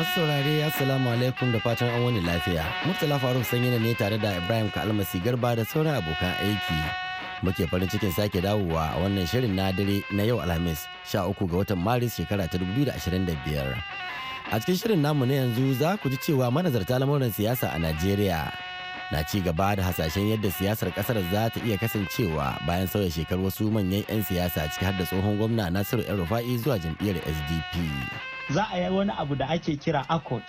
masu saurare assalamu alaikum da fatan an wani lafiya murtala faruk sanyina ne tare da ibrahim kalmasi garba da sauran abokan aiki muke farin cikin sake dawowa a wannan shirin na dare na yau alhamis sha uku ga watan maris shekara ta da biyar. a cikin shirin namu na yanzu za ku ji cewa manazarta lamuran siyasa a najeriya na ci gaba da hasashen yadda siyasar kasar za ta iya kasancewa bayan sauya shekaru wasu manyan 'yan siyasa ciki har da tsohon gwamna nasiru yan rufa'i zuwa jam'iyyar sdp za a yi wani abu da ake kira akot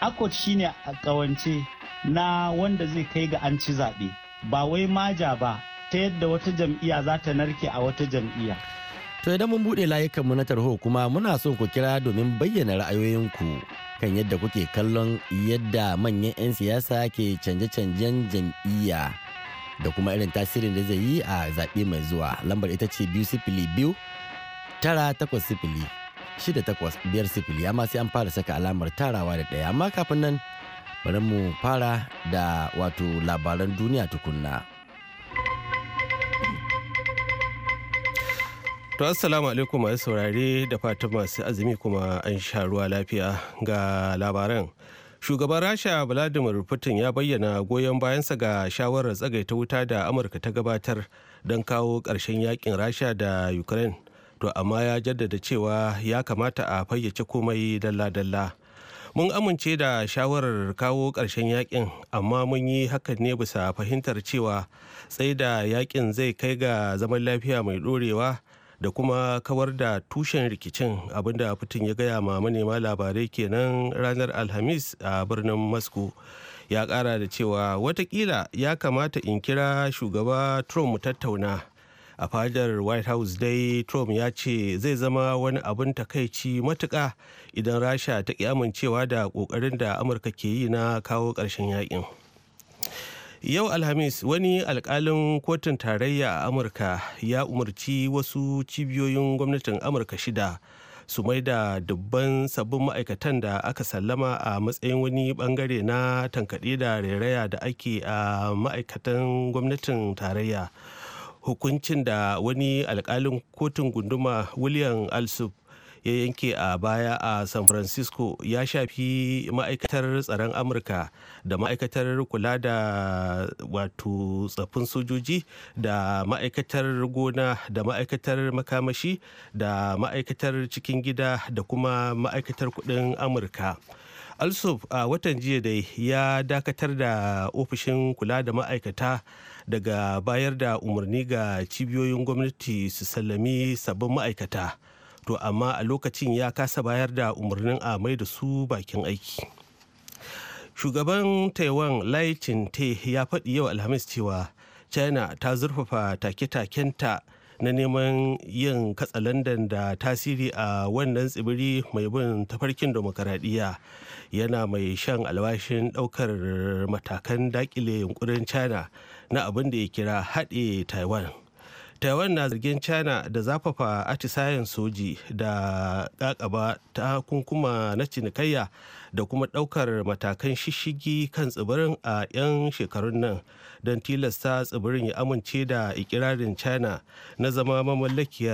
akot shine a kawance na wanda zai kai ga an ci zaɓe ba wai maja ba ta yadda wata jam'iyya za ta narke a wata jam'iyya to idan mun buɗe layukanmu na tarho kuma muna son ku kira domin bayyana ra'ayoyinku kan yadda kuke kallon yadda manyan 'yan siyasa ke canje-canjen jam'iyya da kuma irin tasirin da zai yi a zaɓe mai zuwa lambar ita ce biyu sifili biyu tara takwas sifili shida takwas biyar sai an fara saka alamar tarawa da ɗaya amma kafin nan bari mu fara da wato labaran duniya tukunna. To assalamu alaikum a saurare da fatan masu azumi kuma an sha ruwa lafiya ga labaran. Shugaban Rasha Vladimir Putin ya bayyana goyon bayansa ga shawarar tsagaita wuta da Amurka ta gabatar don kawo ƙarshen yakin Rasha da Ukraine. to amma ya jaddada cewa ya kamata a fayyace komai dalla-dalla mun amince da shawarar kawo ƙarshen yakin amma mun yi hakan ne bisa fahimtar cewa sai da yakin zai kai ga zaman lafiya mai ɗorewa da kuma kawar da tushen rikicin abinda fitin ya gaya ma manema labarai kenan ranar alhamis a birnin moscow ya ƙara da cewa watakila ya kamata in kira shugaba trump tattauna a fadar white house dai trump ya ce zai zama wani abin takaici matuƙa idan rasha ta amincewa da ƙoƙarin da amurka ke yi na kawo ƙarshen yakin yau alhamis wani alkalin kotun tarayya a amurka ya umarci wasu cibiyoyin gwamnatin amurka shida su mai da dubban sabbin ma'aikatan da aka sallama a matsayin wani bangare na tankaɗe da rairaya da ake a ma'aikatan gwamnatin tarayya hukuncin da wani alkalin kotun gunduma william alsup ya yanke a baya a san francisco ya shafi ma'aikatar tsaron amurka da ma'aikatar kula da wato tsaffin sojoji da ma'aikatar gona da ma'aikatar makamashi da ma'aikatar cikin gida da kuma ma'aikatar kudin amurka alsuf a watan jiya dai ya dakatar da ofishin kula da ma'aikata daga bayar da umarni ga cibiyoyin gwamnati su sallami sabbin ma'aikata to amma a lokacin ya kasa bayar da umarnin a mai da su bakin aiki shugaban taiwan lai te ya faɗi yau alhamis cewa china ta zurfafa take-takenta na neman yin katsalandan da tasiri a wannan tsibiri mai bin tafarkin demokaradiyya yana mai shan alwashin daukar matakan dakile yunkurin china na abin da ya kira haɗe taiwan taiwan na zargin china da zafafa atisayen soji da kakaba ta kunkuma na cinikayya da kuma daukar matakan shishigi kan tsibirin a 'yan shekarun nan don tilasta tsibirin ya amince da ikirarin china na zama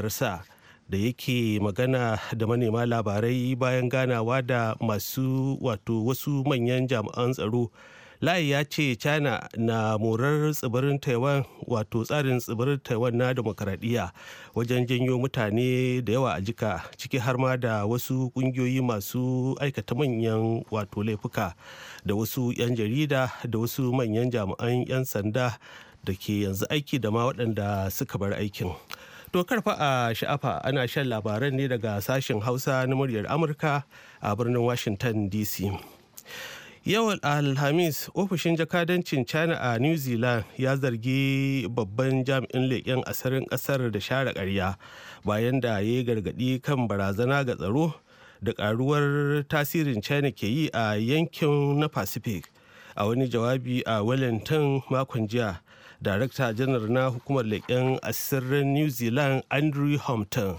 sa da yake magana da manema labarai bayan ganawa da masu wato wasu manyan jami'an tsaro layi ya ce china na morar tsibirin taiwan wato tsarin tsibirin taiwan na demokaradiyya wajen janyo mutane da yawa a jika ciki har ma da wasu kungiyoyi masu aikata manyan wato laifuka da wasu 'yan jarida da wasu manyan jami'an 'yan sanda da ke yanzu aiki da ma waɗanda suka bar aikin to karfa a sha'afa ana shan labaran ne daga sashen hausa na muryar amurka a birnin washington dc Yawan Alhamis ofishin jakadancin China a New Zealand ya zargi babban jami'in leƙen asirin ƙasar da share ƙarya bayan da ya gargaɗi kan barazana ga tsaro da ƙaruwar tasirin China ke yi a yankin na Pacific. A wani jawabi a Wellington makon jiya, Darakta janar na hukumar leƙen asirin New Zealand Andrew Hampton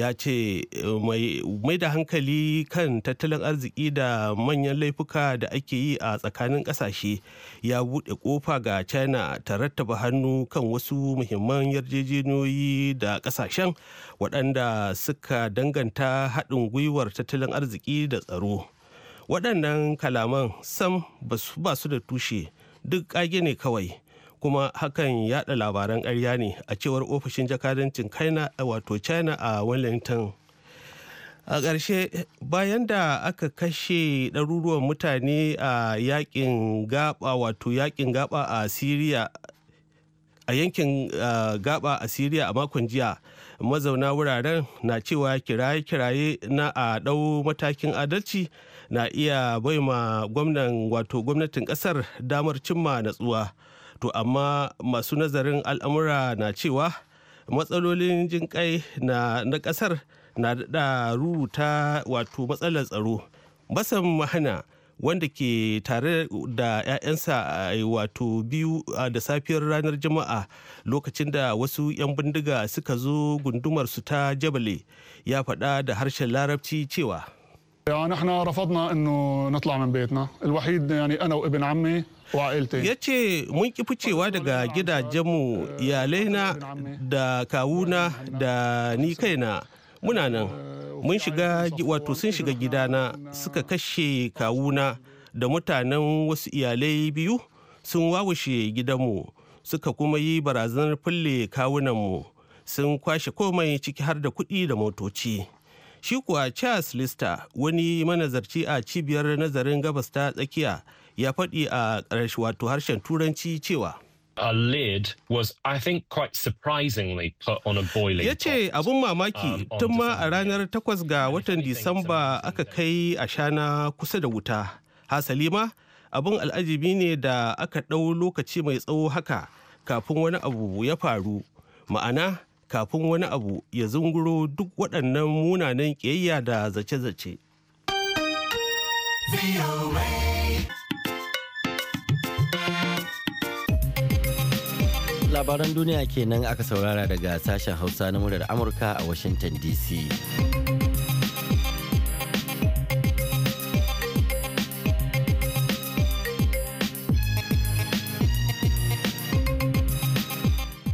ya ce eh, mai da hankali kan tattalin arziki da manyan laifuka da ake yi a tsakanin kasashe ya buɗe ƙofa ga china ta rattaba hannu kan wasu muhimman yarjejeniyoyi da ƙasashen waɗanda suka danganta haɗin gwiwar tattalin arziki da tsaro waɗannan kalaman sam ba su da tushe duk ƙage ne kawai kuma hakan yada labaran ƙarya ne a cewar ofishin jakadancin Kaina, wato china a wellington a ƙarshe bayan da aka kashe ɗaruruwan mutane a yakin gaba wato yakin gaba a syria a yankin gaba a siriya a makon jiya mazauna wuraren na cewa kiraye-kiraye na a ɗau matakin adalci na iya baima gwamnan wato gwamnatin ƙasar damar cimma natsuwa. to amma masu nazarin al'amura na cewa matsalolin jinƙai na na ƙasar na da ruruta wato matsalar tsaro basan mahana wanda ke tare da 'ya'yansa eh, wato biyu ah, da safiyar ranar juma'a lokacin da wasu 'yan bindiga suka zo gundumar su ta jabale ya faɗa da harshen larabci cewa يعني نحن رفضنا انه نطلع من بيتنا الوحيد يعني انا وابن عمي ya ce mun ki ficewa daga gidajenmu iyalaina da kawuna da ni kaina muna nan mun shiga wato sun shiga gidana suka kashe kawuna da mutanen wasu iyalai biyu sun wawashe gidanmu suka kuma yi barazanar fulle kawunanmu sun kwashe komai ciki har da kuɗi da motoci. Shi kuwa Charles Lister wani manazarci a cibiyar nazarin gabas ta tsakiya ya faɗi a ƙarshe wato harshen Turanci cewa. Ya ce abin mamaki um, tun ma a ranar takwas ga watan Disamba aka kai a shana kusa da wuta. Hasali ma abin al'ajibi ne da aka ɗau lokaci mai tsawo haka kafin wani abu ya faru. Ma'ana kafin wani abu ya zunguro duk waɗannan munanan ƙiyayya da zace-zace. Labaran duniya kenan aka saurara daga sashen Hausa na murar Amurka a Washington DC.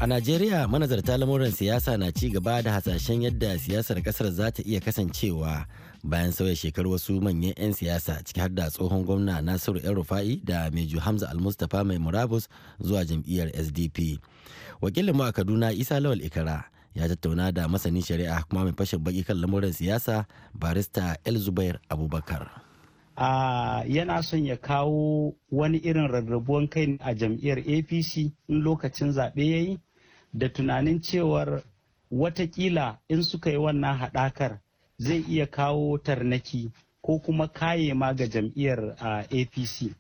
A Najeriya manazarta lamuran siyasa na ci gaba da hasashen yadda siyasar kasar za ta iya kasancewa bayan sauya shekaru wasu manyan 'yan siyasa ciki har da tsohon gwamna Nasiru el Rufa'i da Meju Hamza al-mustapha mai murabus zuwa jam'iyyar SDP. Wakilin mu a Kaduna Isa Lawal Ikara ya tattauna da masanin shari'a kuma mai fashin baki kan lamuran siyasa barista El Zubair Abubakar. Uh, yana son ya kawo wani irin rarrabuwan kai a jam'iyyar apc in lokacin zaɓe ya yi da tunanin cewar watakila in suka yi wannan haɗakar zai iya kawo tarnaki ko kuma kaye ma ga jam'iyyar apc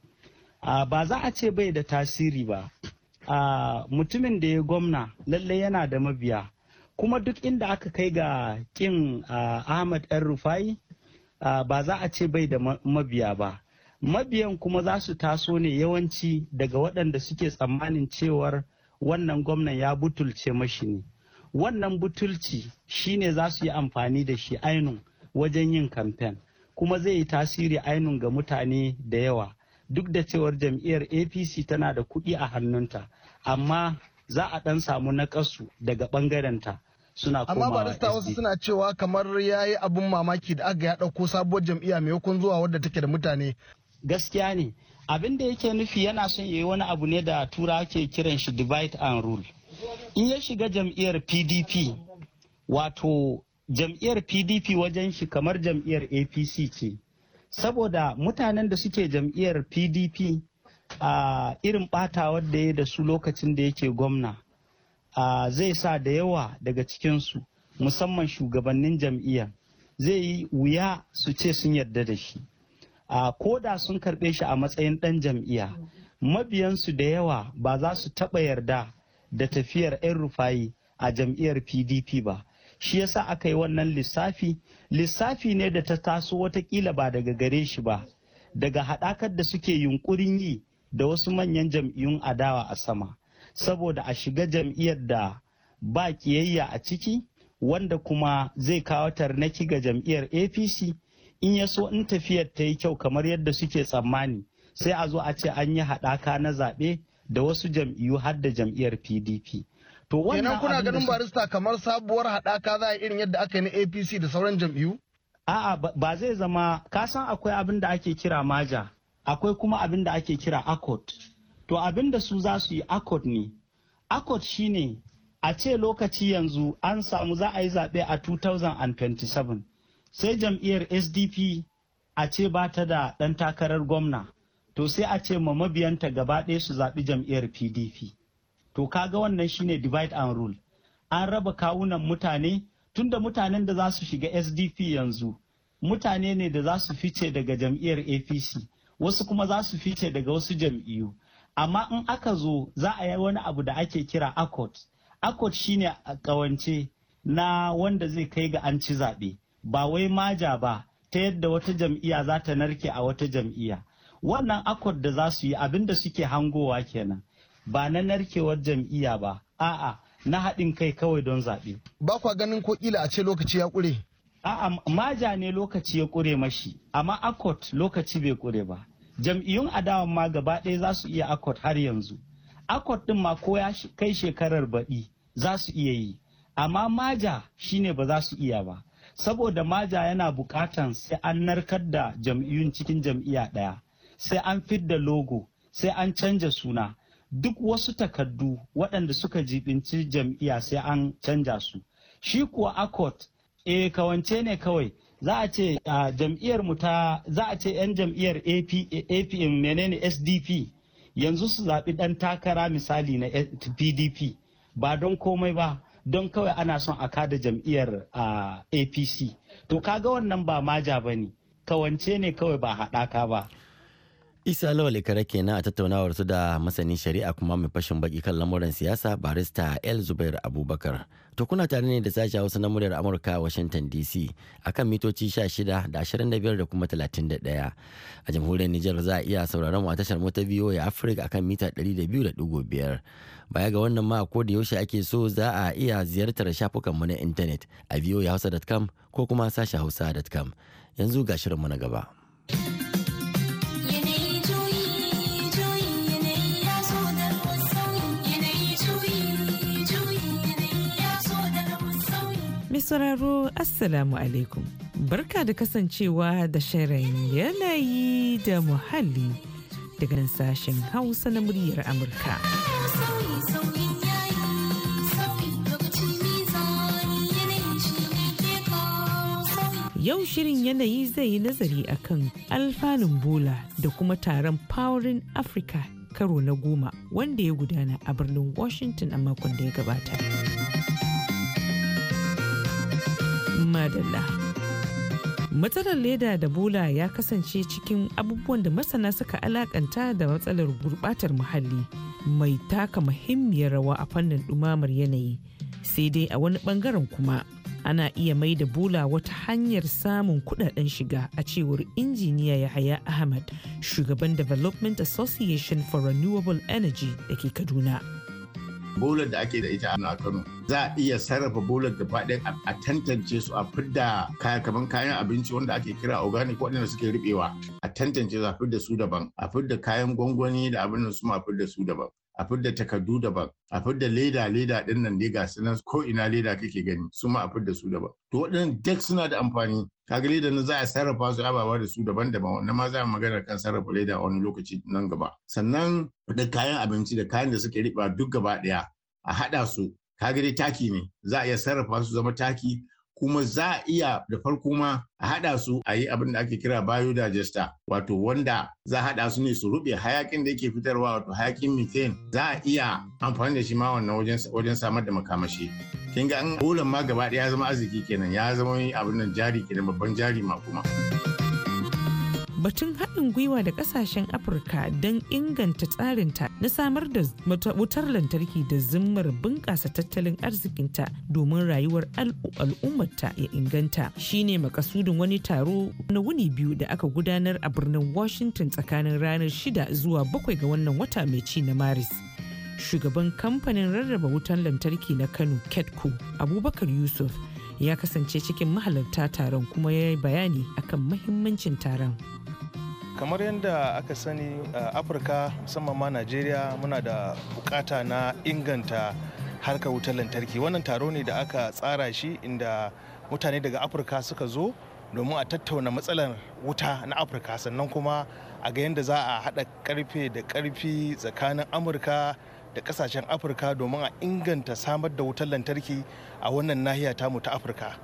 ba za a ce bai da tasiri ba mutumin da ya gwamna lallai yana da mabiya kuma duk inda aka kai ga kin ahmad yan rufai ba za a ce bai da mabiya ba mabiyan kuma za su taso ne yawanci daga waɗanda suke tsammanin cewar wannan gwamnan ya butulce mashi ne wannan butulci shine za su yi amfani da shi ainun wajen yin kamfen kuma zai yi tasiri ainun ga mutane da yawa duk da cewar jam'iyyar apc tana da kuɗi a hannunta amma za a ɗan samu naƙasu daga ɓangarenta suna komawa amma barista wasu suna cewa kamar ya yi abin mamaki da aka ya ɗauko sabuwar jam'iyya maimakon zuwa wadda take da mutane gaskiya ne abin da yake nufi yana son yayi wani abu ne da tura ke kiran shi divide and rule in ya shiga jam'iyyar pdp wato jam'iyyar pdp wajen shi kamar jam'iyyar apc ce saboda mutanen da suke jam'iyyar pdp a irin batawar da ya da su lokacin da yake gwamna zai sa da yawa daga cikinsu musamman shugabannin jam'iyyar zai yi wuya su ce sun yarda da shi a koda sun karɓe shi a matsayin ɗan jam'iyya mabiyansu da yawa ba za su taɓa yarda da tafiyar 'yan rufayi a jam'iyyar pdp ba shi yasa aka yi wannan lissafi lissafi ne da ta taso watakila ba daga gare shi ba daga haɗakar da suke yunkurin yi da wasu manyan jam'iyyun adawa a sama saboda a shiga jam'iyyar da ba kiyayya a ciki wanda kuma zai kawo tarnaki ga jam'iyyar apc in ya so in tafiyar ta yi kyau kamar yadda suke tsammani sai a zo a ce an yi haɗaka na zaɓe da wasu jam'iyyu har da jam'iyyar pdp to wannan kuna ganin barista kamar sabuwar haɗaka za a irin yadda aka yi na apc da sauran jam'iyyu a'a ba zai zama ka san akwai abin da ake kira maja akwai kuma abin da ake kira accord to abin da su za su yi accord ne accord shine a ce lokaci yanzu an samu za a yi zaɓe a 2027 sai jam'iyyar sdp a ce ba ta da ɗan takarar gwamna to sai a ce ma mabiyanta gaba ɗaya su zaɓi jam'iyyar pdp to kaga wannan shine divide and rule an raba kawunan mutane tunda mutanen da za su shiga sdp yanzu mutane ne da za su fice daga jam'iyyar apc wasu kuma za su fice daga wasu jam'iyyu amma in aka zo za a yi wani abu da ake kira accord accord shine a kawance na wanda zai kai ga an ci zaɓe ba wai maja ba ta yadda wata jam'iyya za ta narke a wata jam'iyya wannan akwad da za su yi abin da suke hangowa kenan ba na narkewar jam'iyya ba a'a na haɗin kai kawai don zaɓe. ba kwa ganin ko a ce lokaci ya ƙure a'a maja ne lokaci ya ƙure mashi amma akwad lokaci bai ƙure ba jam'iyyun adawan ma gaba ɗaya za su iya akwad har yanzu akwad ɗin ma ko ya kai shekarar baɗi za su iya yi amma maja shine ba za su iya ba saboda maja yana bukatan sai an narkar da jam'iyyun cikin jam'iyya ɗaya sai an fidda logo sai an canja suna duk wasu takardu waɗanda suka jibinci jam'iyya sai an canja su shi kuwa akot e eh, kawance ne kawai za a ce jam'iyyar mu ta za a ce 'yan jam'iyyar apm menene sdp yanzu su zaɓi ɗan takara misali na pdp ba don komai ba don kawai ana son a kada jam'iyyar apc to kaga wannan ba maja ba ne kawance ne kawai ba haɗaka ba Isa Lawale kare kenan a tattaunawar su da masani shari'a kuma mai fashin baki kan lamuran siyasa barista El Zubair Abubakar. To kuna tare ne da sashen Hausa na muryar Amurka a Washington DC akan mitoci 16 da 25 da kuma 31. A jamhuriyar Nijar za a iya sauraron mu a tashar mota ya Africa akan mita 200.5. Baya ga wannan ma ko da yaushe ake so za a iya ziyartar shafukanmu na intanet a voahausa.com ko kuma sashen hausa.com. Yanzu ga shirinmu na gaba. Mai Assalamu alaikum. Barka da kasancewa da shirin yanayi da muhalli daga nan sashen Hausa na muryar Amurka. Yau shirin yanayi zai yi nazari akan alfanun bola da kuma taron Powering Africa karo na goma wanda ya gudana a birnin Washington a makon da ya gabata. madalla. Matsalar leda da bola ya kasance cikin abubuwan da masana suka alakanta da matsalar gurbatar muhalli mai taka muhimmiyar rawa a fannin ɗumamar yanayi. Sai dai a wani bangaren kuma ana iya mai da bola wata hanyar samun kudaden shiga a cewar injiniya Yahaya Ahmad, shugaban Development Association for Renewable Energy da ke Kaduna. bolar da ake da ita a Kano za a iya sarrafa bolar da faɗin a tantance su a fidda kaya kamar kayan abinci wanda ake kira organic waɗanda suke ruɓewa a tantance su a fidda su daban a fidda kayan gwangwani da abin da su ma fidda su daban a fidda takardu daban a fidda leda leda din nan ne ga nan ko ina leda kake gani su ma a fidda su daban to waɗannan duk suna da amfani kaga leda nan za a sarrafa su ababa da su daban-daban wannan ma za a magana kan sarrafa leda a wani lokaci nan gaba sannan da kayan abinci da kayan da suke riba duk gaba ɗaya a haɗa su kaga dai taki ne za a iya sarrafa su zama taki kuma za a iya da farko ma a haɗa su a yi abin da ake kira biodigester wato wanda za a haɗa su ne su ruɓe hayakin da yake fitarwa wato hayakin methane za a iya amfani da shi ma wannan wajen samar da makamashi. kin ga an bolan ma gaba ɗaya ya zama arziki kenan ya zama abin nan jari kenan babban jari ma kuma. batun haɗin gwiwa da ƙasashen afirka don inganta tsarinta na samar da wutar lantarki da zimmar bunƙasa tattalin arzikinta domin rayuwar al'ummarta ya inganta shine makasudin wani taro na wuni biyu da aka gudanar a birnin washington tsakanin ranar shida zuwa bakwai ga wannan wata mai ci na maris shugaban kamfanin rarraba wutar lantarki na kano ketco abubakar yusuf ya kasance cikin mahalarta taron kuma ya yi bayani akan mahimmancin taron kamar yadda aka sani a afirka musamman ma najeriya muna da bukata na inganta harkar wutar lantarki wannan taro ne da aka tsara shi inda mutane daga afirka suka zo domin a tattauna matsalar wuta na afirka sannan kuma a ga yadda za a haɗa karfe da karfi tsakanin amurka da ƙasashen afirka domin a inganta samar da wutar lantarki a wannan nahiya tamu ta afirka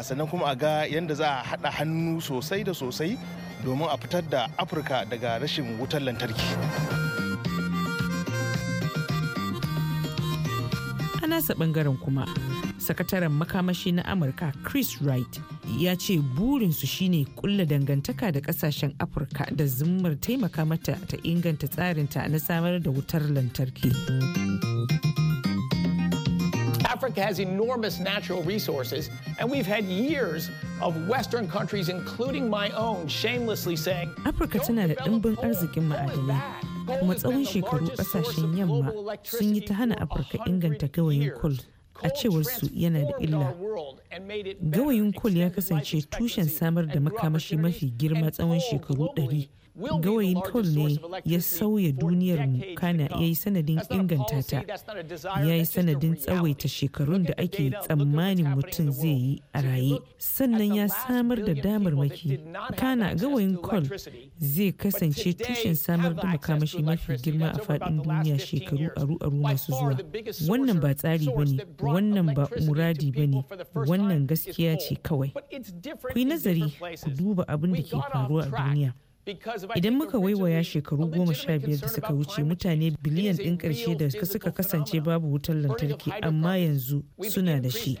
sannan kuma a ga yadda za a haɗa hannu sosai da sosai domin a fitar da afirka daga rashin wutar lantarki a nasa bangaren kuma sakataren makamashi na amurka chris wright ya ce burinsu shine kulla dangantaka da kasashen afirka da zummar taimaka mata ta inganta tsarinta na samar da wutar lantarki. Africa has enormous natural resources, and we've had years of Western countries, including my own, shamelessly saying, Afirka tana da ɗimbin arzikin ma'adanai. Kuma tsawon shekaru ƙasashen yamma sun yi ta hana Afirka inganta gawayin coal a cewar su yana da illa. Gawayin coal ya kasance tushen samar da makamashi mafi girma tsawon shekaru ɗari. gawayin kol ne ya sauya duniyarmu kana ya yi sanadin inganta ta ya yi sanadin tsawaita shekarun da ake tsammanin mutum zai yi a raye sannan ya samar da damarmaki kana gawayin kol zai kasance tushen samar da makamashi mafi girma a faɗin duniya shekaru aru-aru masu zuwa wannan ba tsari ba ne wannan ba muradi ba ne wannan gaskiya ce kawai ku yi nazari ku duba abin da ke faruwa a duniya Idan muka waiwaya shekaru goma sha biyar da suka wuce mutane biliyan ɗin ƙarshe da suka kasance babu wutar lantarki amma yanzu suna da shi.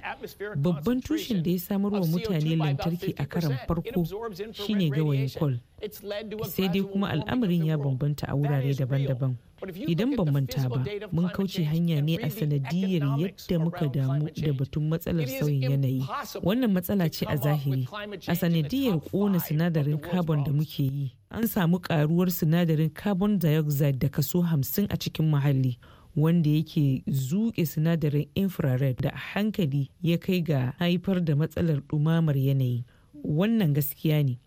Babban tushen da ya samar wa mutane lantarki a karan farko shine gawayin kwal. Sai dai kuma al'amarin ya bambanta a wurare daban-daban. Idan ban manta ba, mun kauce hanya ne a sanadiyar yadda muka damu da batun matsalar sauyin yanayi. Wannan matsala ce a zahiri. A sanadiyar ƙona sinadarin carbon da muke yi, an samu ƙaruwar sinadarin carbon dioxide da kaso hamsin a cikin muhalli. wanda yake zuke sinadarin infrared da hankali ya kai ga haifar da matsalar ɗumamar yanayi wannan gaskiya ne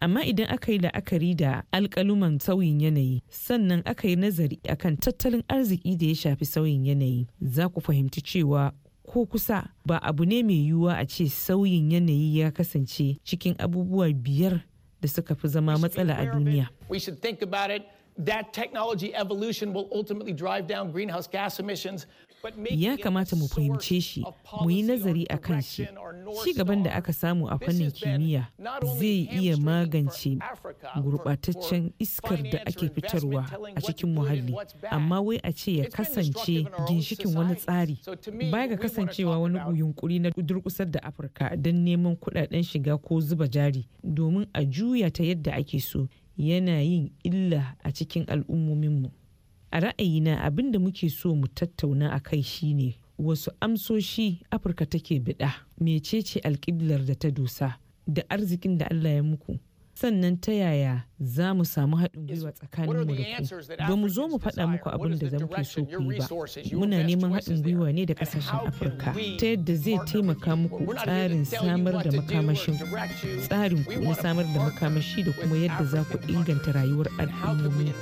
amma idan aka yi la'akari da alkaluman sauyin yanayi sannan aka yi nazari akan tattalin arziki da ya shafi sauyin yanayi za ku fahimci cewa ko kusa ba abu ne mai yiwuwa a ce sauyin yanayi ya kasance cikin abubuwa biyar da suka fi zama matsala a duniya. That technology evolution will ultimately drive down greenhouse gas emissions ya kamata mu fahimce shi mu yi nazari a kan shi ci gaban da aka samu a fannin kimiyya zai iya magance gurɓataccen iskar da ake fitarwa a cikin muhalli amma wai a ce ya kasance ginshikin wani tsari baya ga kasancewa wani yunkuri na durkusar da afirka don neman kuɗaɗen shiga ko zuba jari domin a juya ta yadda ake so yana yin illa a cikin al'ummominmu. a ra'ayina abin da muke so mu tattauna a kai shine wasu amsoshi afirka take bida mecece alƙiblar da ta dosa da arzikin da allah ya muku sannan ta yaya za mu samu haɗin gwiwa tsakanin mu da ku ba mu zo mu faɗa muku abin da za muke so ku yi ba muna neman haɗin gwiwa ne da ƙasashen afirka ta yadda zai taimaka muku tsarin samar da makamashin tsarin ku na samar da makamashi da kuma yadda za ku inganta rayuwar al'ummomi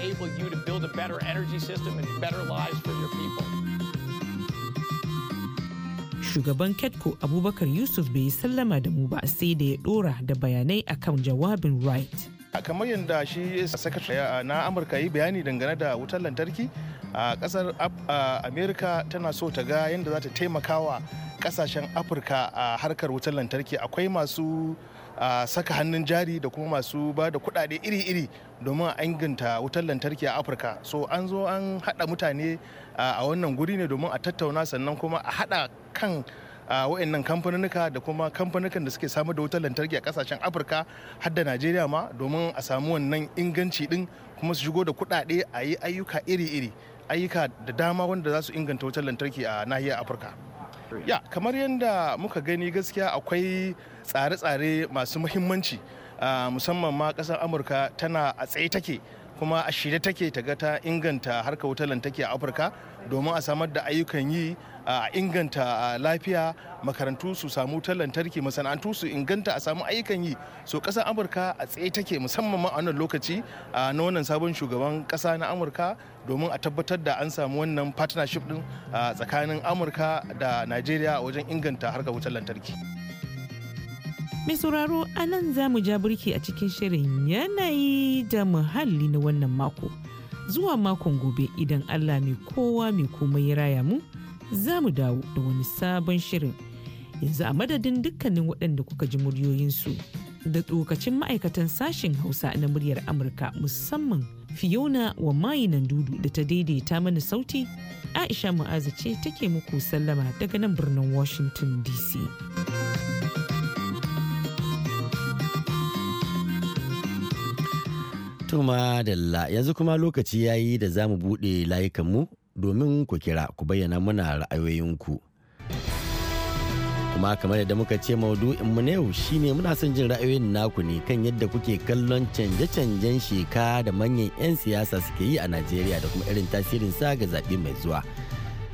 shugaban ketco abubakar yusuf bai yi sallama da mu ba sai da ya dora da bayanai akan jawabin right kamar yadda shi sakatare na amurka yi bayani dangane da wutar lantarki a kasar amerika tana so ta ga yadda za ta taimakawa kasashen afirka a harkar wutar lantarki akwai masu a saka hannun jari da kuma masu ba da kuɗaɗe iri-iri domin a inganta wutar lantarki a afirka so an zo an haɗa mutane a wannan guri ne domin a tattauna sannan kuma a haɗa kan a wayannan kamfanunuka da kuma kamfanukan da suke samar da wutar lantarki a kasashen afirka har da najeriya ma domin a samu wannan inganci din kuma su shigo da kuɗaɗe a yi ayyuka iri-iri ayyuka da dama wanda za su inganta wutar lantarki a nahiyar afirka ya kamar yadda muka gani gaskiya akwai tsare-tsare masu muhimmanci musamman ma kasar amurka tana a tsaye take kuma a shirye take ta ga ta inganta harka wutar lantarki a afirka domin a samar da ayyukan yi a inganta lafiya makarantu su samu wutar lantarki masana'antu su inganta a samu ayyukan yi so kasar amurka a tsaye take musamman ma a wannan lokaci na wannan sabon shugaban kasa na amurka domin a tabbatar da an samu wannan partnership din tsakanin amurka da najeriya wajen inganta harka wutar lantarki. Mai sauraro a nan za mu ja burki a cikin shirin yanayi da muhalli na wannan mako. Zuwa makon gobe idan Allah mai kowa mai komai ya raya mu, za mu dawo da wani sabon shirin. Yanzu a madadin dukkanin waɗanda kuka ji muryoyinsu da tsokacin ma'aikatan sashen Hausa na muryar Amurka musamman Fiona wa mayinan dudu da ta daidaita mana sauti, Aisha Mu'azu ce take muku sallama daga nan birnin Washington DC. To dalla yanzu kuma lokaci ya yi da za mu buɗe layukanmu domin ku kira ku bayyana muna ra'ayoyinku. Kuma kamar da muka ce mu na yau shine muna son jin ra'ayoyin naku ne kan yadda kuke kallon canje-canjen sheka da manyan 'yan siyasa suke yi a Najeriya da kuma irin tasirin sa ga zaɓe mai zuwa.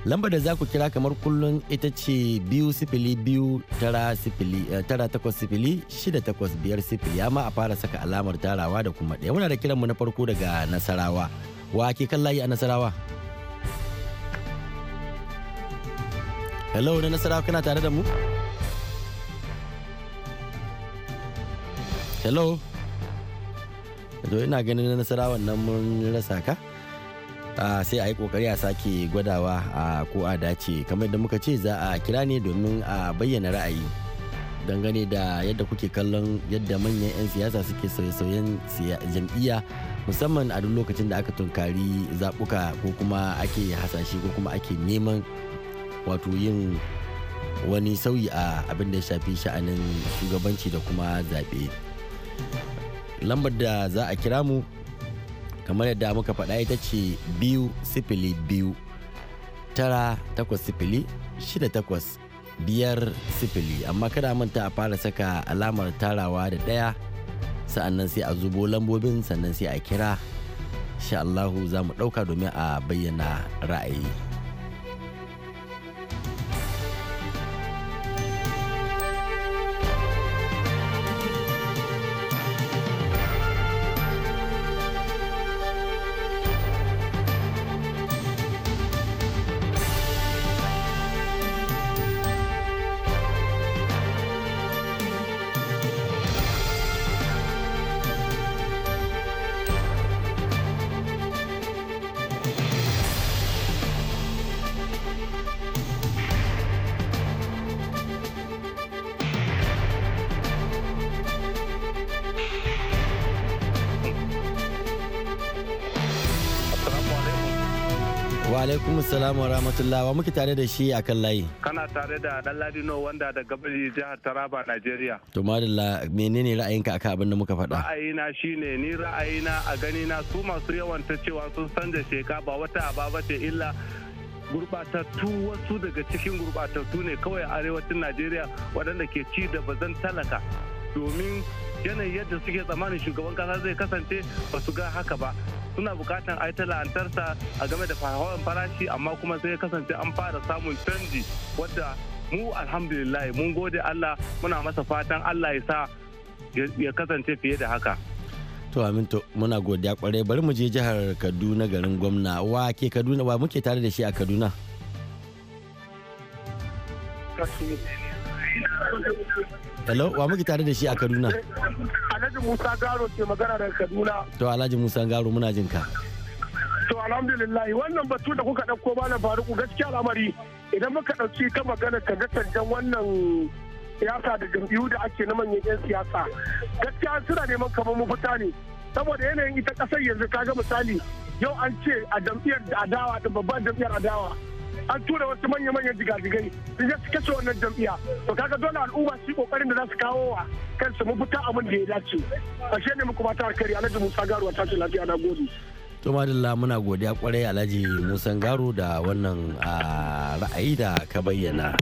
lambar da za ku kira kamar kullum ita ce biyu sifili biyu tara sifili eh, tara takwas sifili shida takwas biyar sifili amma a fara saka alamar tarawa da kuma ɗaya muna da kiranmu na farko daga nasarawa wa ke kan layi a nasarawa hello na nasarawa kana tare da mu hello ina ganin na nasarawa nan mun rasa ka sai a yi kokari a sake gwadawa a ko a dace kamar da muka ce za a kira ne domin a bayyana ra'ayi dangane da yadda kuke kallon yadda manyan 'yan siyasa suke sauye-sauyen jam'iyya musamman a duk lokacin da aka tunkari zaɓuka ko kuma ake hasashe ko kuma ake neman wato yin wani sauyi a abin da ya shafi sha'anin shugabanci da kuma zaɓe lambar da za a kira mu kamar yadda muka faɗa ita ce biyu sifili biyu tara takwas sifili shida takwas biyar sifili amma kada manta a fara saka alamar tarawa da ɗaya sa'annan sai a zubo lambobin sannan sai a kira sha'allahu Allahu za mu ɗauka domin a bayyana ra'ayi. salamu rahmatullah wa muke tare da shi a kan layi. Kana tare da Dan Ladino wanda da gabari jihar Taraba Najeriya. To madalla menene ra'ayinka akan abin da muka fada. Ra'ayina shine ni ra'ayina a ganina su masu yawan ta cewa sun canza sheka ba wata aba ce illa gurbatattu wasu daga cikin gurbatattu ne kawai arewacin Najeriya waɗanda ke ci da bazan talaka domin yanayi yadda suke tsammanin shugaban kasa zai kasance ba su ga haka ba suna bukatan a ta la'antarsa a game da hawan farashi amma kuma sai kasance an fara samun canji wadda mu alhamdulillah mun gode Allah muna masa fatan Allah ya sa ya kasance fiye da haka to aminto muna godiya kwarai bari mu je jihar Kaduna garin gwamna wa ke Kaduna wa muke tare da shi a Kaduna Hello, wa muke tare da shi a Kaduna? Alhaji Musa Garo ke magana daga Kaduna. To Alhaji Musa Garo muna jin ka. To alhamdulillah wannan batu da kuka dauko ba na faruku gaskiya al'amari idan muka ɗauki ta magana ta gasancan wannan siyasa da jam'iyyu da ake na manyan 'yan siyasa gaskiya suna neman kamar mu fita ne saboda yanayin ita kasar yanzu kaga misali yau an ce a jam'iyyar adawa da babban jam'iyyar adawa an tura wasu manya-manyan jigajigai su je su kashe wannan jam'iyya to kaga dole al'umma su kokarin da za su kawo wa kansu mu fita abin da ya dace ashe ne mu muku mata alkari alhaji musa garuwa ta ce lafiya na gode to madalla muna godiya kwarai alhaji musa garu da wannan ra'ayi da ka bayyana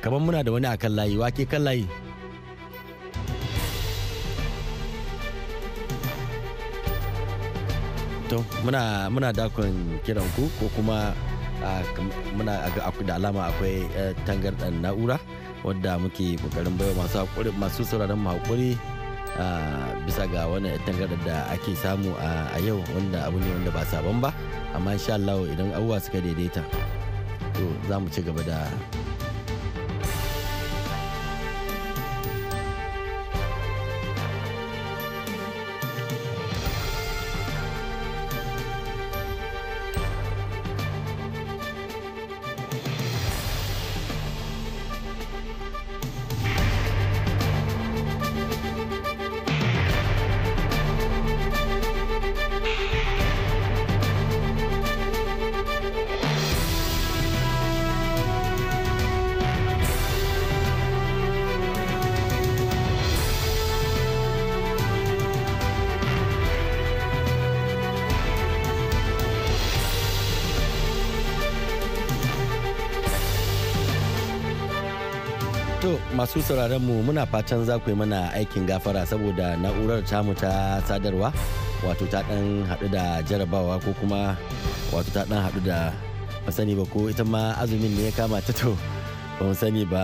kamar muna da wani akan layi wake kan layi to muna muna dakon kiran ku ko kuma muna da alama akwai tangarɗar na'ura wadda muke kokarin baiwa masu hakuri masu sauraron mu hakuri bisa ga wani tangarɗar da ake samu a yau wanda abu ne wanda ba sabon ba amma insha Allah idan abubuwa suka daidaita to za mu ci gaba da su mu muna fatan za ku yi mana aikin gafara saboda na'urar tamu ta sadarwa wato ta dan haɗu da jarabawa ko kuma wato ta dan haɗu da masani ba ko ita ma azumin ne ya kama ta to ba mu sani ba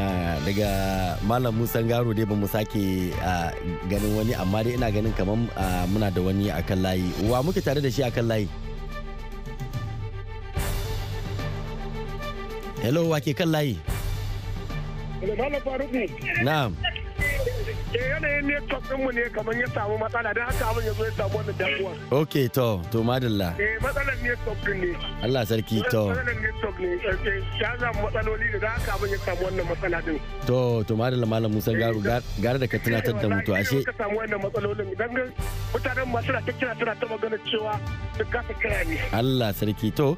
ah, daga malam musan garo dai ba mu sake ah, ganin wani amma dai ina ganin kamar ah, muna da wani akan layi wa muke tare da shi akan layi hello wa ke kan layi Malam Faruku. Na'am. Ke eh, yanayin ɗinmu ne kamar ya samu matsala don haka abin ya zo ya samu damuwa. Ok to to madalla. Eh matsalar network ɗin ne. Allah sarki to. Matsalar network ne eh, eh, ya samu matsaloli da haka abin ya samu wannan matsala To to madalla malam Musa Garu da ka tunatar da mu to ashe. Ka samu wannan matsalolin dan mutanen masu da ta kira tana ta magana cewa duk kira ne. Allah sarki to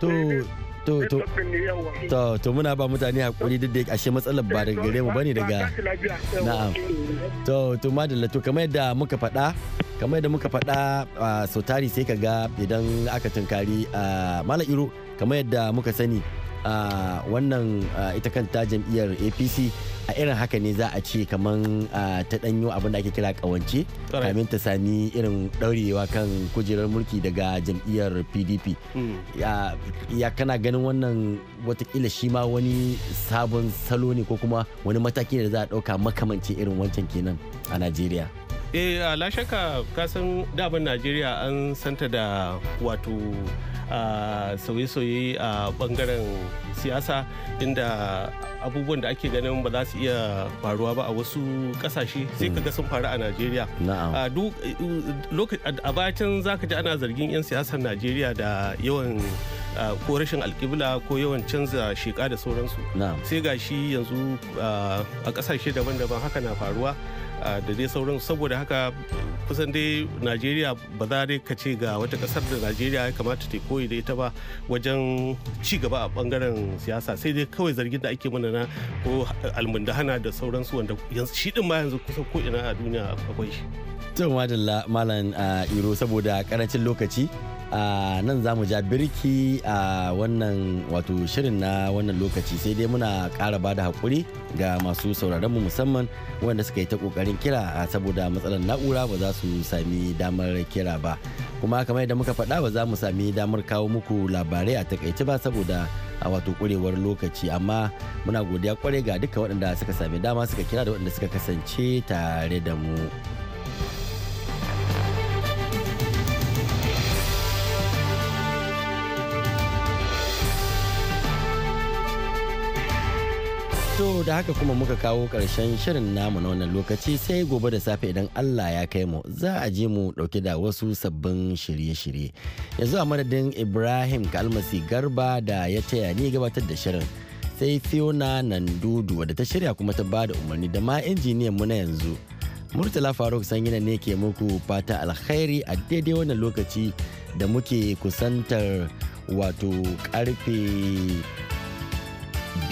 to to to to to muna ba mutane hakuri duk da ashe matsalar ba daga gare mu bane daga na'am to to madalla to kamar yadda muka faɗa kamar yadda muka faɗa so tari sai ka ga idan aka tunkari mala iro kamar yadda muka sani wannan ita kanta jam'iyyar apc a irin haka ne za a ce kamar ta danyo abin da ake kira kawance kamin ta sami irin daurewa kan kujerar mulki daga jam'iyyar pdp hmm. ya kana ganin wannan watakila shi ma wani sabon salo ne ko kuma wani mataki da za a dauka makamanci irin wancan kenan a najeriya eh a lashaka kasan daban najeriya an santa da wato sauye-sauye a bangaren siyasa inda abubuwan da ake ganin ba za su iya faruwa ba a wasu kasashe sai hmm. ka sun faru a najeriya a eh, bayan za ka ji ana zargin 'yan siyasar najeriya da yawan ko rashin alkibla ko yawan canza sheka da sauransu sai ga shi yanzu a kasashe daban-daban haka na faruwa da dai sauran saboda haka kusan dai najeriya ba za dai ka ce ga wata kasar da najeriya ya kamata ta koyi da ita ba wajen ci gaba a bangaren siyasa sai dai kawai zargin da ake mana na ko almundahana da sauransu wanda yanzu shi din ma yanzu kusan ko ina a duniya akwai tun to madalla malam iro saboda karancin lokaci nan za mu ja birki a wannan wato shirin na wannan lokaci sai dai muna kara ba da haƙuri ga masu sauraronmu musamman wanda suka yi ta ƙoƙarin kira saboda matsalar na'ura ba za su sami damar kira ba kuma kamar yadda muka faɗa ba za mu sami damar kawo muku labarai a takaice ba saboda a wato ƙurewar lokaci amma muna godiya kwarai ga duka waɗanda suka sami dama suka kira da waɗanda suka kasance tare da mu. To da haka kuma muka kawo ƙarshen shirin namu na wannan lokaci sai gobe da safe idan Allah ya kai mu za a je mu ɗauki da wasu sabbin shirye-shirye. Yanzu a madadin Ibrahim Kalmasi Garba da ya taya ni gabatar da shirin. Sai Fiona Nandudu wadda ta shirya kuma ta bada umarni da ma injiniyan mu na yanzu. Murtala Faruk sanyina ne ke muku fata alkhairi a daidai wannan lokaci da muke kusantar wato karfe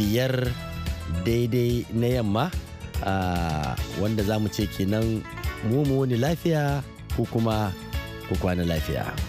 biyar daidai na yamma wanda za mu ce kenan mu wani lafiya ko kuma ku kwana lafiya.